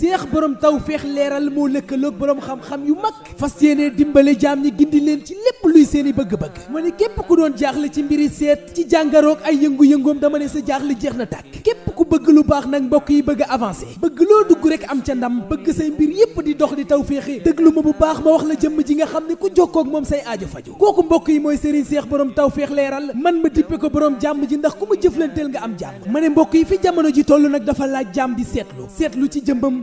seex borom taw feex leeral moo lëkkaloog borom xam-xam yu mag fas yéene dimbale jaam ni gindi leen ci lépp luy seeni bëgg-bëgg ma ne képp ku doon jaaxle ci mbir yi seet ci jàngaroog ay yëngu-yëngoom dama ne sa jaaxle jeex na tàkk képp ku bëgg lu baax nag mbokk yi bëgg a bëgg loo dugg rek am ca ndam bëgg say mbir yépp di dox di taw féexe déglu ma bu baax ma wax la jëmm ji nga xam ne ku jokkoo moom say aajo faju kooku mbokk yi mooy Serigne Seex borom taw feex man ma dippe ko borom jàmm ji ndax ku ma jëflanteel nga am jàmm ma ne mbokk yi fi jamono ji toll nag dafa laaj jàmm di seetlu seetlu ci jëmbam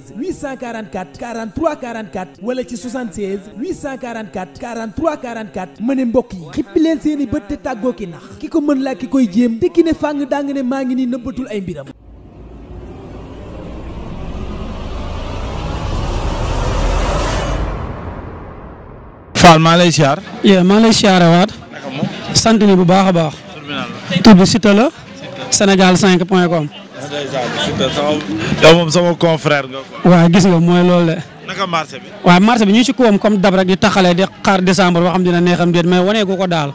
76 844 43 44 wala ci 76 844 43 44 ma ne mbokk yi xippi leen seeni bët tàggoo ki nax ki ko mën laa ki koy jéem ne fàng daa nga ne maa ngi ay mbiram. Fall maa lay siyaar. yéen bu baax a baax. tur bi la. Sénégal 5 point com. yow moom sama confrère nga quoi. waaw gis nga mooy loolu la. naka marché bi. bi ñu ci koom comme dab rek di taxalee di xaar décembre boo xam dina neexam mais waneegu ko daal.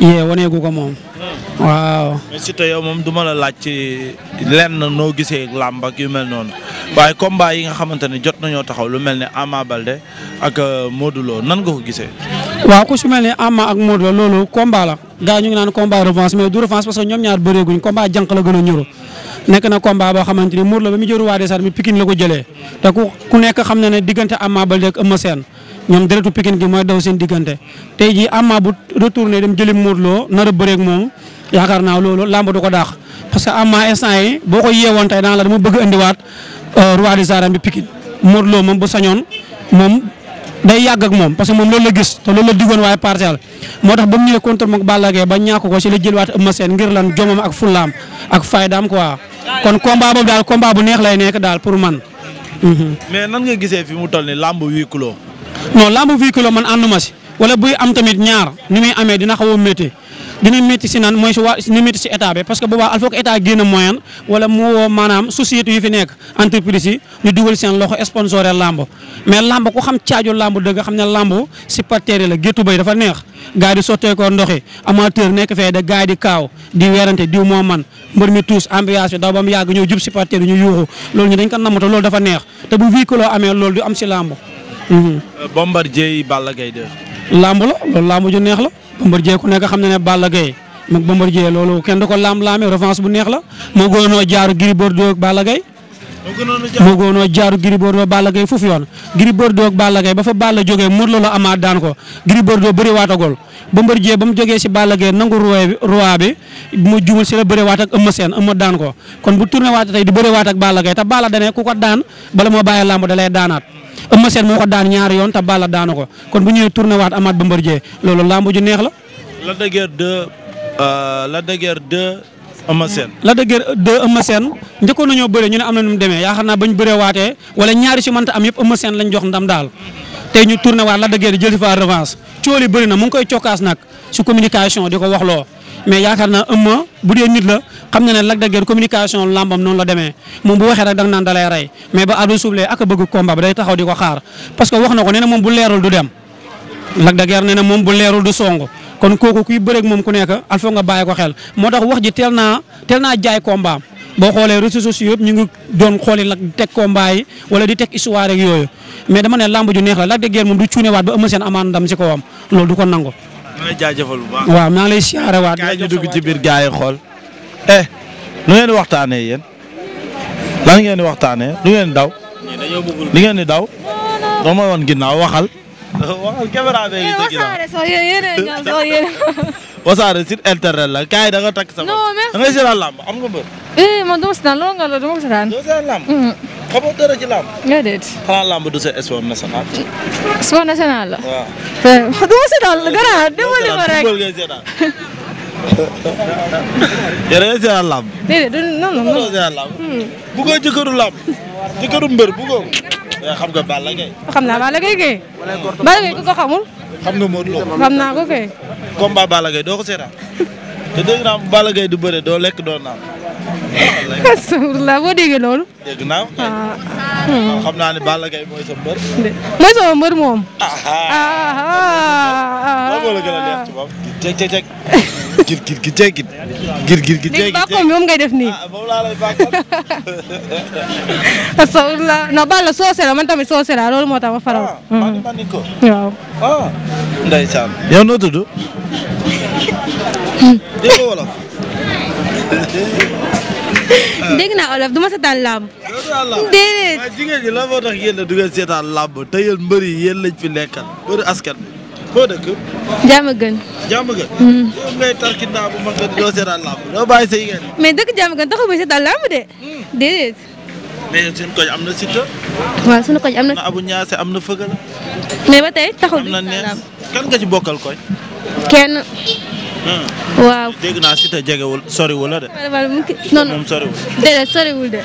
yee waneegu ko moom. Hmm. waaw. moom duma ma la laaj ci lenn noo gisee làmb ak yu mel noonu waaye combat yi nga xamante ne jot nañoo taxaw lu mel ne Ama Balde ak euh, Modou Lo nan nga ko gisee. waaw ku su mel ne Ama ak Modou loolu combat la. ñu ngi naan combat revanche mais du revanche parce que ñoom ñaar nekk na combat boo xamante ni Modou Lo ba mu jël roi des arènes bi Pikine la ko jëlee te ku ku nekk xam na ne diggante Ama Baldé ak Eumeu Sène ñoom deretu Pikine gi mooy daw seen diggante tey jii Ama bu retourné dem jëli Modou Lo nar moom yaakaar naa loolu làmb du ko daax parce que Ama boo ko yeewoon tey daan la dama bëgg indiwaat roi des arènes bi Pikine Modou moom bu sañoon moom day yàgg ak moom parce que moom loolu la gis te loolu la digoon waaye partial moo tax ba mu ñëwee contre moom Balla ba ñàkk ko si la jëlwaat Eumeu Sène ngir lan jomam ak fullaam ak faydaam quoi kon combat daal combat bu neex lay nekk daal pour man. Mhm. mais nan nga gisee fi mu toll ni làmb huis clos. non lamb huis clos man ànduma si wala buy am tamit ñaar ni muy amee dina xaw a métti dina métti si nan mooy si waa dina métti si état bi parce que boobaa il faut que état génn moyen wala mu woo maanaam société yu fi nekk entreprise yi ñu dugal seen loxo sponsoré lamb mais lamb ku xam caaju lamb dëgg xam ne lamb supporter la géttu bay dafa neex gars di sotteekoo ndox yi amateur nekk fee de gars di kaaw di weerante diw moo man mbër mi tuus ambiance bi daw ba mu yàgg ñëw jub supporter ñu yuuxu loolu ñu dañ ko namm te loolu dafa neex te bu véhiculoo amee loolu du am si lamb mhm. euh, Bombardier Balla Gaye 2 làmb la loolu làmb ju neex la Bombardier ku nekk xam ne ne Balla Gaye moom Bombardier loolu kenn du ko làmb laamee revanche bu neex la moo o a jaar Gris Bordeaux ak Balla Gaye moo gënoon a jaaru Gris Bordeaux Balla Gaye foofu yoon Gris Bordeaux ak Balla ba fa Balla jógee Modou Lô la amaat daan ko Gris Bordeaux bëri waatagol ba mbër jee ba mu jógee si Balla Gaye nangu roi bi mu jumal si la bëri waat ak daan ko kon bu tourné waat tey di bëri waat ak Balla ku ko daan bala moo bàyyi làmb da lay daanaat Eumeu Sène moo ko daan ñaari yoon te Balla daanu ko kon bu ñëwee tourné amaat ba mbër jee loolu làmb ju neex la la dëgër la dëgër de Eumeu Sène Lac de Guiers njëkkoon nañoo bëre ñu ne am na nu mu demee yaakaar naa bañ bëree waatee wala ñaari si mënta am yëpp Eumeu Sène lañ jox ndam daal tey ñu tourné waat Lac jël fa revanche communication di ko wax loo mais yaakaar naa Eumeu bu dee nit la xam na ne Lac de Guiers communication làmbam noonu la demee moom bu waxee rek da nga naan da mais ba àdduna suuf bëgg combat bi day taxaw di ko xaar parce que wax na ko nee moom bu leerul du dem Lac de kon kooku kuy bëreeg moom ku nekk al foog nga bàyyi ko xel moo tax wax ji teel naa teel naa jaay combat boo xoolee réseaux sociaux yëpp ñu ngi doon xooli nag di teg combat yi wala di teg histoire ak yooyu mais dama ne lamb ju neex la Lac de Guiers moom du cuunewaat ba Eumeu Sène amaan ndam si kawam loolu du ko nangu. maa ngi lay jaajëfal bu baax. waaw maa lay siyaare waat. gaa dugg ci biir gaa yi xool. eh nu ngeen waxtaanee yéen ngeen di waxtaanee lu ngeen di daw. li ngeen di daw. doo ma woon ginnaaw waxal. waxal caméra bee ngi eh, tëj wasaare sax yéen a ñoom sax yéen wasaare sur internet la kaay da nga takk sa non merci da ngay seetaan làmb am nga mbër eh man dama seetaan loolu nga la dama seetaan doo seetaan làmb mm. xamoo dara ci làmb déedéet xanaa làmb du sa sport national sport national la waaw eh, dama seetaan la gara dama li ma rek ngay seetaan yéen a ngi seetaan làmb déedéet non non non seetaan làmb mm. bu ko jëkkëru làmb jëkkëru mbër bu ko xam nga Balla Gaye. xam naa Balla Gaye kay. Balla Gaye ku ko xamul. xam nga Modou Lo. xam naa ko kay. doo ko seetaan te dégg naa Balla Gaye du bëre doo lekk doo naan. alhamdulilah boo déggee loolu. dégg naa. waaw ah. xam naa ne Balla Gaye mooy moom. Ah, ah. gir gir gi jéggit. gir gir gi jéggit léegi bàkkoon bi moom ngay def nii. Ah, moom laa lay bàkkoon. asalaamaaleykum non Balla soose la man tamit soose la loolu moo tax ma faral. Ah, maa ngi mën ko. Mm. waaw. ah ndeysaan. yow noo tudd. dégg wolof. dégg naa olof du ma seetaan làmb. déedéet. waaye jigéen ñi lan moo tax yéen a du ngeen seetaan làmb te yéen mbër yi yéen lañ fi lekkal mbëri askan bi foo dëkk. jàmm gën. jàmm gën. dëkk jàmm gën taxul muy seetaan de. Hmm. déedéet. mais seen koñ am na Siteu. waaw sunu koñ am na. Abu Ñaase am na Fëgal. mais ba tey taxul na kan nga ci bokkal koñ. kenn. Hmm. waaw dégg naa Siteu jegewul soriwul la de. non non moom de.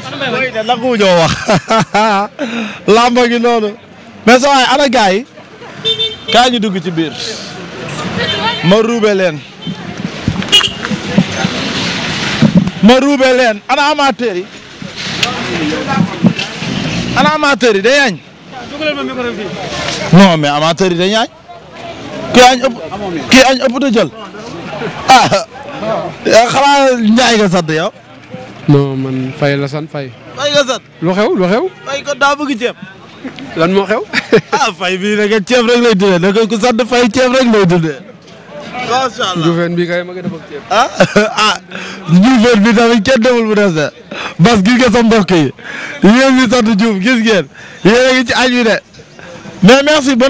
de nangu ñoo wax. làmb gi noonu. mais sa waay ana gars kaa ñu dugg ci biir ma ruube leen ana amateur yi ana amateur yi day añ non mais amateur añ kii añ ëpp kii añ ëpp da jël ah xanaa njaay nga sant yow. non man fay la sant lan moo xew. ah fay bii nag ceeb rek lay dundee nag ku sant fay ceeb rek lay dundee. macha allah Ndioufène kay ma gën a bëgg ceeb. ah ah Ndioufène bi tamit kenn demul bu des de bas gis nga sa mbokk yi yéen ñi sant Diouf gis ngeen yéen a ngi ci añ bi de mais merci bon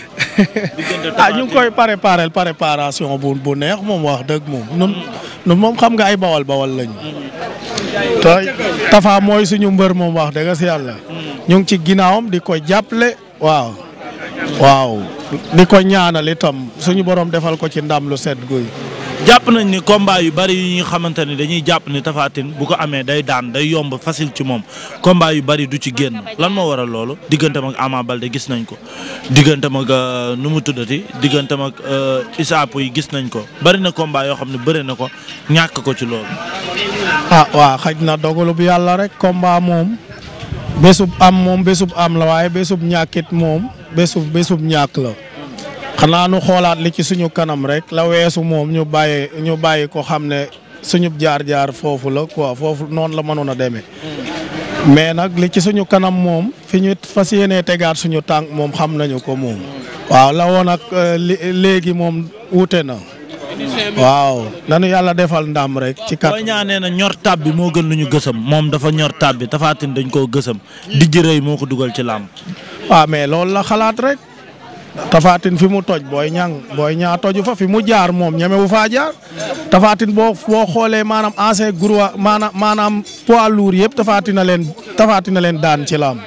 ah ñu ngi koy préparer préparation bu bu neex moom wax dëgg moom nun moom xam nga ay bawal bawal lañu te Tafa mooy suñu mbër moom wax dëgg si àlla ñu ngi ci ginnaawam di ko jàppale waaw waaw di ko ñaanal itam suñu borom defal ko ci ndam lu set guy jàpp nañ ni combat yu bari yi nga xamante ne dañuy jàpp ni Tapha bu ko amee day daan day yomb facile ci moom combat yu bari du ci génn lan moo waral loolu diggante mag Ama Baldé gis nañ ko digganteem ak euh, nu mu tuddati digganteem ak euh, ISAP yi gis nañ ko bari na combat yoo xam ne bari na ko ñàkk ko ci loolu. ah waa xaj na dogalu bu yàlla rek combat moom bésub am moom bésub am la waaye bésub ñàkkit moom bésub bésub ñàkk la. xanaa nu xoolaat li ci suñu kanam rek la weesu moom ñu bàyyi ñu bàyyi ko xam ne suñu jaar-jaar foofu la quoi foofu noonu la mënoon a demee. mais nag li ci suñu kanam moom fi ñu fas yéenee tegaat suñu tànk moom xam nañu ko moom. waaw la woon ak euh, léegi moom wuute na. waaw nanu yàlla defal ndam rek. ci kat booy ñaanee na ñor tab bi moo gën lu ñu gësam moom dafa ñor tab bi tafaatin dañ koo gësëm di jërëy moo ko dugal ci làmb. waaw mais loolu la xalaat rek. Tafatin fi mu toj booy ñang booy ñaa toju fa fi mu jaar moom ñeme wu faa jaar Tafatin boo boo xoolee maanaam ancien groupe maanaam maanaam poids lourd yëpp Tafatin na leen Tafatin na leen daan ci laam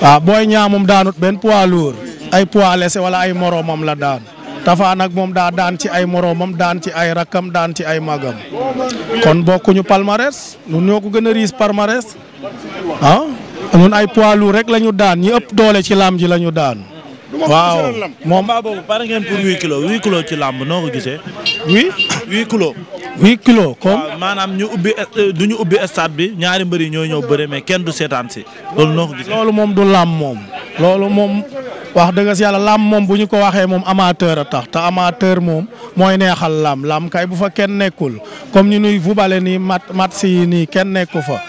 waaw booy ñaa moom daanut benn poids lourd ay poids laissé wala ay moroomam la daan Tafa nag moom daa daan ci ay moroomam daan ci ay rakkam daan ci ay magam kon bokkuñu palmarès ñun ñoo ko gën a riis palmarès ah ñun ay poids lourd rek lañu daan ñi ëpp doole ci lam ji la ñu daan. waaw moom ba boobu pare ngeen pour huit kilo huit kilos ci làmb noo ko gisee. huit kilo kilos. huit kilos comme maanaam ñu ubbi euh, du ñu ubbi stade bi ñaari mbër yi ñoo ñëw bëre mais kenn du seetaan si loolu noo ko gisee. loolu moom du làmb moom. loolu moom wax dëgg si yàlla làmb moom bu ñu ko waxee moom amateur a tax te amateur moom mooy neexal làmb làmb kay bu fa kenn nekkul comme ñu nuy fubale nii mat mat si nii kenn nekku fa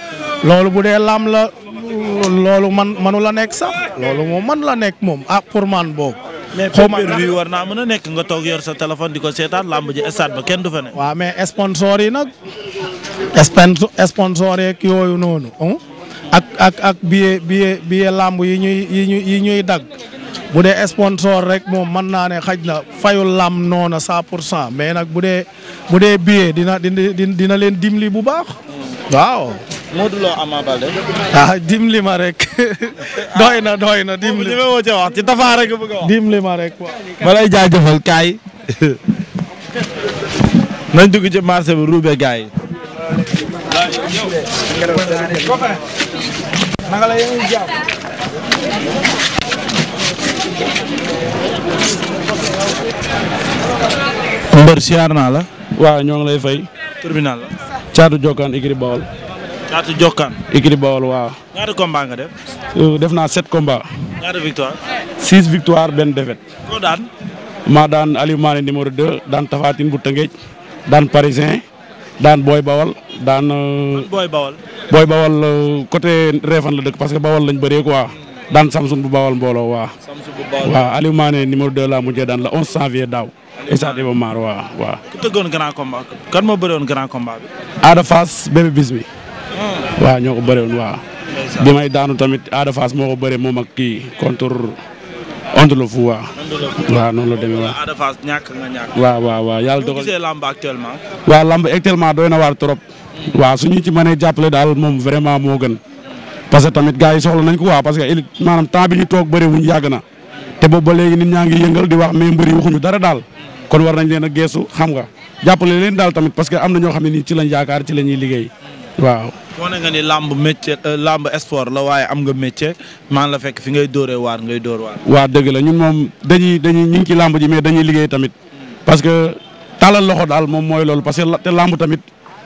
loolu bu dee làmb la. loolu man manu la nekk sax loolu moom man la nekk moom ah pour man boobu. xaw ma mais war naa mën a nekk nga toog yor sa téléphone di ko seetaan làmb ji stade ba kenn du fa ne. waaw mais sponsor yi nag sponsor yeeg yooyu noonu ak ak ak billet billet billet làmb yi ñuy yi ñuy ñuy dagg bu dee sponsor rek moom mën naa ne xaj na fayul làmb noona sa pour cent mais nag bu dee bu dee billet dina dina dina leen dimli bu baax waaw. Modou Lo Ama Baldé. ah dimbali ma rek doy na doy ma woo ca ci Tapha rek bëgg a wax. dimbali ma rek waaw. ma lay jaajëfal kaay. nañ ci marché bi ruube gaay fay. tribunal Caatu Jokkaan Igri Bawol. ñaata jokkaan. écurie Bawol waaw. ñaata combat nga def. Euh, def naa sept six victoire benn défaite. koo daan. maa numéro 2 daan Tafatine bu Tëngéej daan Parisien daan Boy Bawol daan. Euh, Boy Bawol. Boy Bawol euh, la dëkk parce que Bawol lañ bëree quoi daan Samsung bu Bawol mbooloo waaw. Samsung numéro 2 laa mujjee daan la 11 janvier daaw. Stade Iba Mar waaw ku tëggoon grand combat kan moo bëre grand combat bi. Ada Fass bébé waa ñoo ko bëre woon waaw. bi may daanu tamit Ada moo ko bëre moom ak kii contre Onde le Fou waaw. waaw noonu la demee waaw. Ada Fass ñàkk nga ñàkk. waaw waaw waaw yàlla dogal gisee lamb actuellement. waaw lamb actuellement doy na waar trop. Hmm. waaw su ñu ci mënee jàppale daal moom vraiment moo gën. parce que tamit gars yi soxla nañ ko waaw parce que il maanaam temps bi ñu toog bëri wuñ na. te boobu ba nit ñaa ngi yëngal di wax mais mbëri waxuñu dara daal. kon war nañ leen geesu xam nga jàppale leen daal tamit parce que am na ñoo xam ne nii ci lañ yaakaar ci la ñuy liggéey waaw wane nga ni làmb métier euh, làmb sport la waaye am nga métier maa la fekk fi ngay dóoree waar ngay dóor waar. waa dëgg la ñun moom dañuy dañuy ñu ngi ci làmb ji mais dañuy liggéey tamit parce que tàllal loxo daal moom mooy loolu parce que te làmb tamit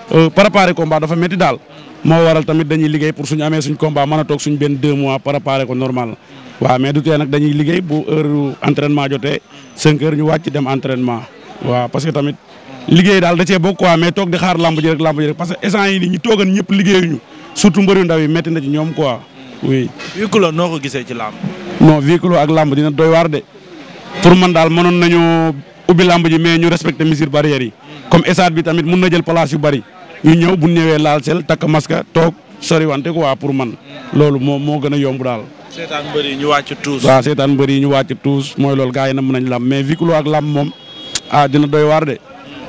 ko euh, combat dafa métti daal moo waral tamit dañuy liggéey pour suñ amee suñ combat mën a toog suñ benn deux mois préparer ko normal waaw mais du tee dañuy liggéey bu heure entraînement jotee cinq heures ñu wàcc dem entraînement waaw liggéey daal da cee bokk quoi mais toog di xaar lamb ji rek lamb ji rek parce que essence yi nii ñu toogan ñëpp liggéeyuñu surtout mbëri ndaw yi métti na ci ñoom quoi oui. huis clos noo ko gisee ci lamb. non huis clos ak lamb dina doy waar de pour man daal mënoon nañu ubbi lamb ji mais ñu respecté mesures barrières yi comme stade bi tamit mun na jël place yu bari ñu ñëw bu ñëwee laal sel takk masque toog soriwante quoi pour man loolu moo moo gën a yomb daal. seetaan wàcc tuus. waaw mbër yi ñu wàcc tuus mooy loolu yi na mën nañ lamb mais huis ak lamb moom ah dina doy waar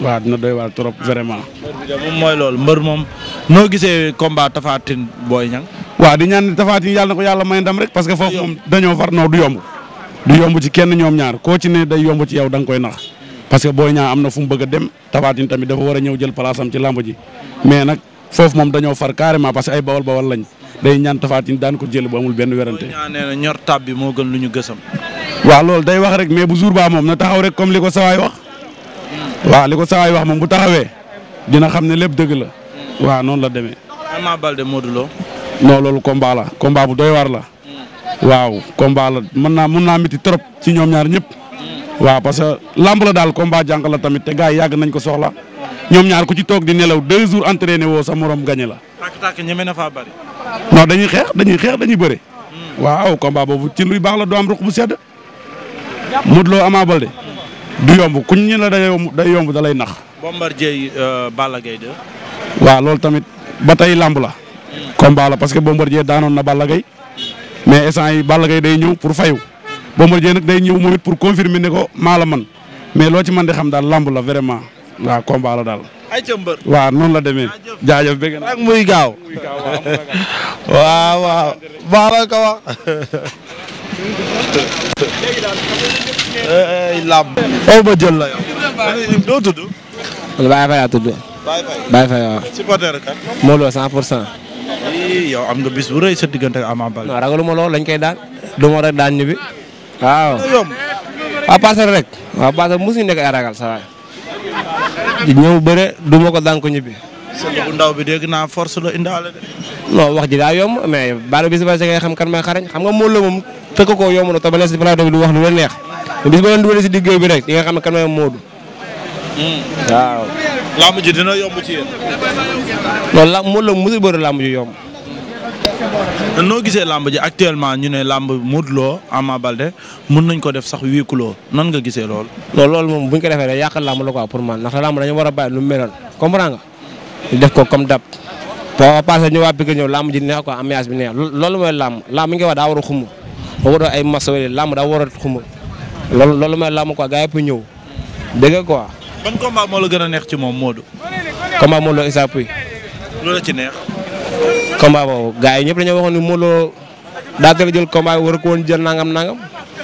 waaw dina doy waar trop vraiment. mbër bi de moom mooy loolu mbër moom noo gisee combat Tapha Tine Boy Niang. waaw di ñaan Tapha yàlla ko yàlla may rek parce que foofu moom dañoo far noo du yomb. du yomb ci kenn ñoom ñaar koo ci ne day yomb ci yow da koy nax parce que Boy Niang am na fu mu a dem Tapha tamit dafa war a ñëw jël place am ci làmb ji mais nag foofu moom dañoo far carrément parce que ay bawal bawal lañ day ñaan Tapha daan ko jël bu amul benn werante. ñor tab bi moo gën lu ñu gësam. waaw loolu day wax rek mais bu jour ba moom na taxaw waaw li ko saa wax moom bu taxawee dina xam ne lépp dëgg la waaw noonu la demee. Ama Baldé Modou Lo. loolu combat la combat bu doy war la. Hmm. waaw combat la mën naa mën naa miti trop ci ñoom ñaar ñëpp. Hmm. waaw parce que lamb la daal combat jànq la tamit te gars yi yàgg nañ ko soxla ñoom ñaar ku ci toog di nelaw deux jours entraîné woo sa morom gañe la. tàkk na faa bari. dañuy xeex dañuy xeex dañuy bëre. Hmm. waaw combat boobu ci luy baax la doom am ruq bu sedd. Modou Lo Ama du yomb kuñ ñu la day yomb day yomb da lay nax. Bombardier euh, Balla loolu tamit ba tey làmb la. Hmm. combat la parce que Bombardier daanoon na Balla Gaye mais instant yi Balla Gaye day ñëw pour fayu Bombardier nag day ñëw moom it pour confirmer ne ko maa man mais loo ci man di xam daal làmb la vraiment waaw combat la daal. ay ca la demee. jaajëf bëgg na ak muy gaaw. waaw waaw. baax wax. eh Lam. foofu ma jël la yow. doo tudd. man pour cent. yow am nga bis bu rëy Ama Baldé. non ragaluma koy daan. du rek daan ñibbi. waaw. waaw passé rek. waaw passé mosuñu nekk ay ragal sa waay. ñëw bëre du daan ko ñibbi. bi dégg naa force baal bis ba kan may xarañ xam nga Modou Lo tëkk ko yomb na te ba nekk si plateau bi du wax lu la neex bis ba leen dugalee si diggéey bi rek ne kan mooy Modou. ji dina yomb ci yéen. la Modou Lo mosul bëri làmb ji noo gisee làmb ji actuellement ñu ne làmb Modou Lo Ama Baldé mën nañ ko def sax huis nan nga gisee lool. non loolu moom bu ñu ko defee rek yàq làmb la quoi pour man ndax lam dañu war a bàyyi lu mu meloon comprends nga. def ko comme dap boo ko paasee ñu waa Pikine ñëw lam ji neex quoi ambiance bi neex loolu mooy làmb làmb mi ngi wax daa war a xumu. ba waroo ay maso yi làmb daa war a xuma loolu loolu mooy làmb quoi gaa yëpp ñëw dégg la gën a neex ci moom Modou. combat Modou Lo Issa Pouye. loolu la ci neex. combat boobu gaa yi ñëpp dañoo waxoon ni Modou Lo daa teel war ko woon jël nangam nangam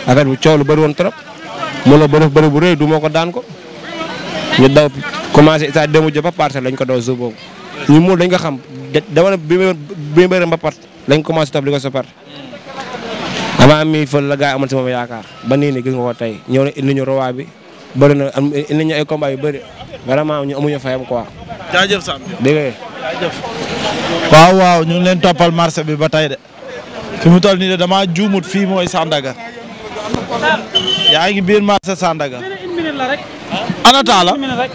affaire bi coow lu bëri woon trop Modou Lo ba def bu rëy du moo ko daan ko ñu daw commencé Issa démb jëpp parcelle lañ ko daw boobu ñu Modou dañ xam dama ne bi bi mbëre mbapat lañ commencé avant mi fël la gars yi si moom yaakaar ba nii nii ko tey ñëw na indi ñu roi bi bëri na indi ñu yu bëri vraiment ñu amuñu fayam quoi. jaajëf waaw waaw ñu ngi leen toppal marché bi ba tey de fi mu toll nii de damaa juumut fii mooy Sandaga yaa ngi biir marché Sandaga. ana Talla.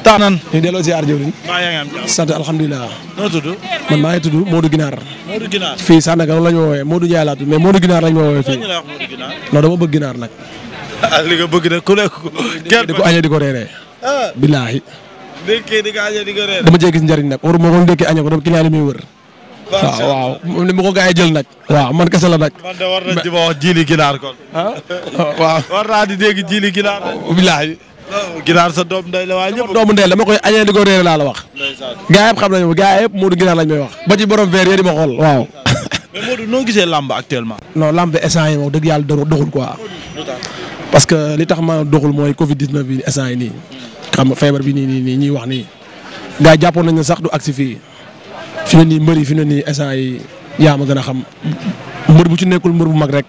Taanan. ñu delloo ziar jëwriñ. maa yaa ngi am jàmm. sant alhamdulilah. noo tudd. Ginaar. Modou Ginaar fii la ñu woowee Modou Ndiaye laa tudd mais Ginaar la ñu ma woowee bëgg ginaar nag. Ah, li nga bëgg nag ku nekk. kenn di ko añee ko reeree. billaahi. ndékkee di ko añee di ko reeree. Ah. dama cee gis njëriñ nag waruma ko ndékkee añee ko dama client yi muy wër. waaw waaw ma ko gars yi jël nag. waaw man kese ginaar kon. Ah? waaw. ginaar sa doom ndey la waaye ñëpp doomu ndey dama koy añee di ko réere laa la wax gaa yëpp xam nañu gaa yëpp Modou ginaar lañ may wax ba ci borom verre yee di ma xool waaw mais noo gisee làmb actuellement non làmb essant yi moom dëgg yàlla doxul quoi parce que li tax ma doxul mooy covid 19 bi essant yi nii xam nga feebar bi nii nii nii ñuy wax nii gaa jàppoon nañ ne sax du agsi fii fi ne nii mbër yi fi ne nii essant yi yaa ma gën a xam mbër bu ci nekkul mbër bu mag rek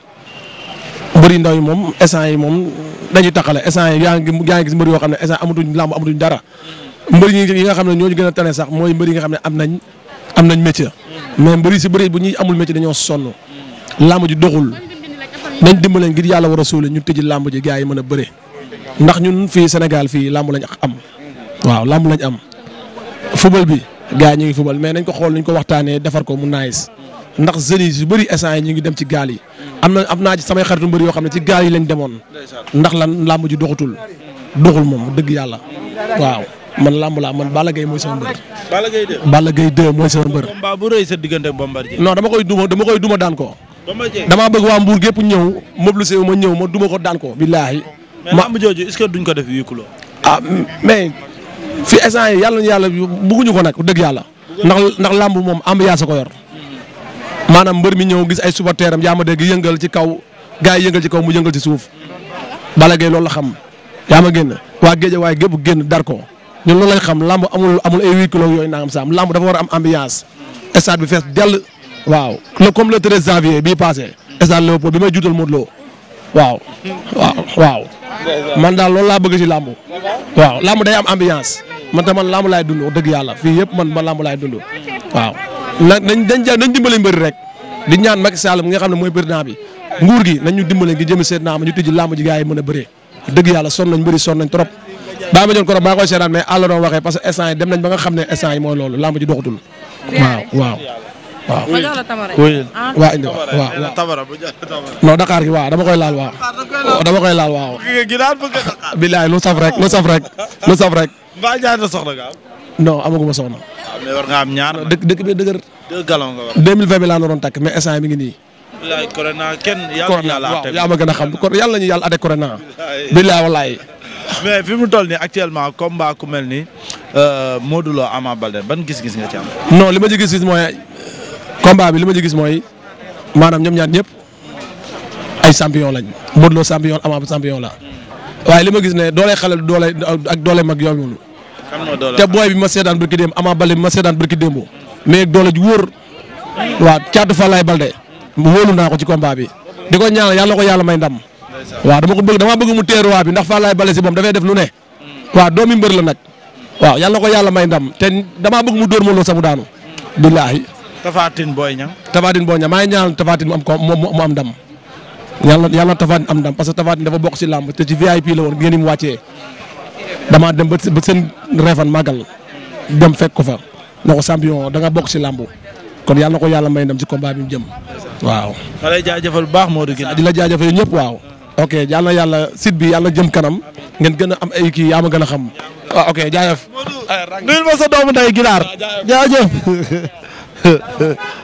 mbër yi ndaw yi moom essant yi moom dañuy taxale instant yaa ngi yaa ngi gis yi nga xam ne ñoo ñu gën a tane sax mooy mbër yi nga xam ne nañ am nañ métier mais mbër si bëri bu ñuy amul métier dañoo sonn làmb ji doxul nañ dimbale ngir yàlla war a suule ñu tëji làmb ji gars yi man a bëre ndax ñun fii senegal fii làmb lañ am waaw làmb lañ am football bi gaa yi ñu ngi football mais nañ ko xool nañ ko waxtaanee defar ko mu nice ndax jeunes yi bëri essence yi ñu ngi dem ci gaal yi. am na am naa ci samay xaritu mbëri yoo xam ne ci gaal yi lañ demoon. ndax lan làmb ji doxatul. doxul moom dëgg yàlla. waaw man làmb laa man Balla Gaye mooy sama mbër. Balla Gaye 2 Balla Gaye 2 mooy sama mbër. combat bu rëy sa diggante Bombardier. koy duma dama koy duma daan ko. damaa bëgg waa Mbour gépp ñëw mobilisé wu ma ñëw ma duma ko daan ko. billaahi. ma mais làmb jooju est-ce que ko def huis clos. ah mais fi essence yi yàlla na yàlla bëgguñu ko nag dëgg yàlla. ndax lamb làmb moom ambiance ko yor maanaam mbër mi ñëw gis ay supporteram yaa ma dégg yëngal ci kaw gars yi yëngal ci kaw mu yëngal ci suuf Balla Gaye loolu la xam yaa ma génn waa géej waaye gépp génn dar ko ñun loolu lañ xam lamb amul amul ay huit kilos yooyu saam lamb dafa war am ambiance stade bi fees dell waaw le comme le treize janvier bii passé stade Léopold bi may juutal Modou Lo waaw man daal loolu laa bëgg ci làmb waaw lamb day am ambiance ma tam man làmb laay dund dëgg yàlla fii yëpp man ma làmb laay dund waaw na nañ dañ dañ dimbale mbër rek di ñaan Macky Sall nga xam ne mooy président bi nguur gi nañ ñu dimbale ngi jëm seet naa ma ñu tijji làmb ji gars yi mën a bëree dëgg yàlla son nañ bëri son nañ trop baa ma joon korop maa koy seetaan mais àll doon waxee parce dem nañ ba nga xam ne instant yi mooy loolu làmb ji doxatul waaw non amaguma soxna. waaw ah, mais war dëkk dëkk bi dëgër. deux gallons nga war. 2020 bi laa naroon takk kenn yàlla na yàlla waaw yaa ma gën a xam kon yàlla nañu yàlla ate corona. bilaay walaay. mais fi mu toll nii actuellement combat ku mel ni euh, Modou Lo Ama Baldé ban gis-gis nga ci am. non li ma ci gis-gis mooy combat bi li ma ci gis mooy maanaam ñoom ñaar ñëpp ay champion lañ Modou Lo champion Ama champion la hmm. waaye li ma gis ne doole xale doole ak doole mag te booy bi ma seedaan barki démb Ama Baldé bi ma seedaan barki démb mais doole ju wóor waaw caatu Falaye Baldé mu wóolu naa ko ci combat bi di ko ñaanal yàlla ko yàlla may ndam waaw dama ko bëgg dama bëgg mu teeruwaa bi ndax Falaye Baldé si moom dafay def lu ne waaw doomi mbër la nag waaw yàlla ko yàlla may ndam te damaa bëgg mu dóor ma loo samu daanu billaahi Tafatine Boy Niang Tafatine Boy Niang mu am ko mu am ndam yàlla yàlla Tafatine am ndam parce que Tafatine dafa bokk si làmb te ci damaa dem ba seen reefan màggal dem fekk ko fa na ko champion da nga bokk si làmbu kon yàlla na ko yàlla may ndam si combat bi mu jëm waaw. ma lay jaajëfal bu baax la jaajëfal ñëpp waaw. ok yàlla na yàlla site bi yàlla jëm kanam ngeen gën a am ay kii gën a xam. waaw ah, ok jaajëf. nuyul ma sa doomu nday Ginaar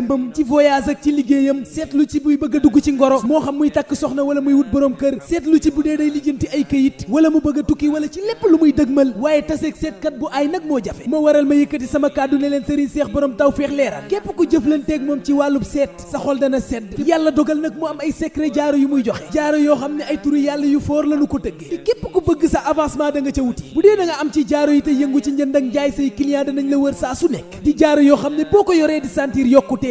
jëmbam ci voyage ak ci liggéeyam seetlu ci buy bëgg dugg ci ngoro moo xam muy takk soxna wala muy wut borom kër seetlu ci bu dee day lijjanti ay kayit wala mu bëgg tukki wala ci lépp lu muy dëgmal waaye taseeg seetkat bu ay nag moo jafe moo waral ma yëkkati sama kàddu ne leen sëriñ seex borom taw feex leeral képp ku jëflanteeg moom ci wàllub seet sa xol dana sedd yàlla dogal nag mu am ay secret jaaro yu muy joxe jaaro yoo xam ne ay turu yàlla yu foor lanu ko tëggee képp ku bëgg sa avancement da nga ca wuti bu am ci jaaro yi te yëngu ci njënd ak jaay say client danañ la wër saa su nekk jaaro yoo xam ne boo ko yoree di sentir yokkute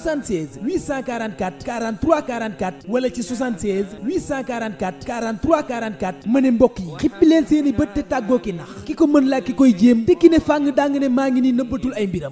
76 844 43 44 wala ci 76 844 43 44 ma ne mbokk yi xippi leen seen i bët te tàggoo ki nax ki ko mën laa ki koy jéem te ki ne fàng daa nga ne maa ngi nii nëbbatul ay mbiram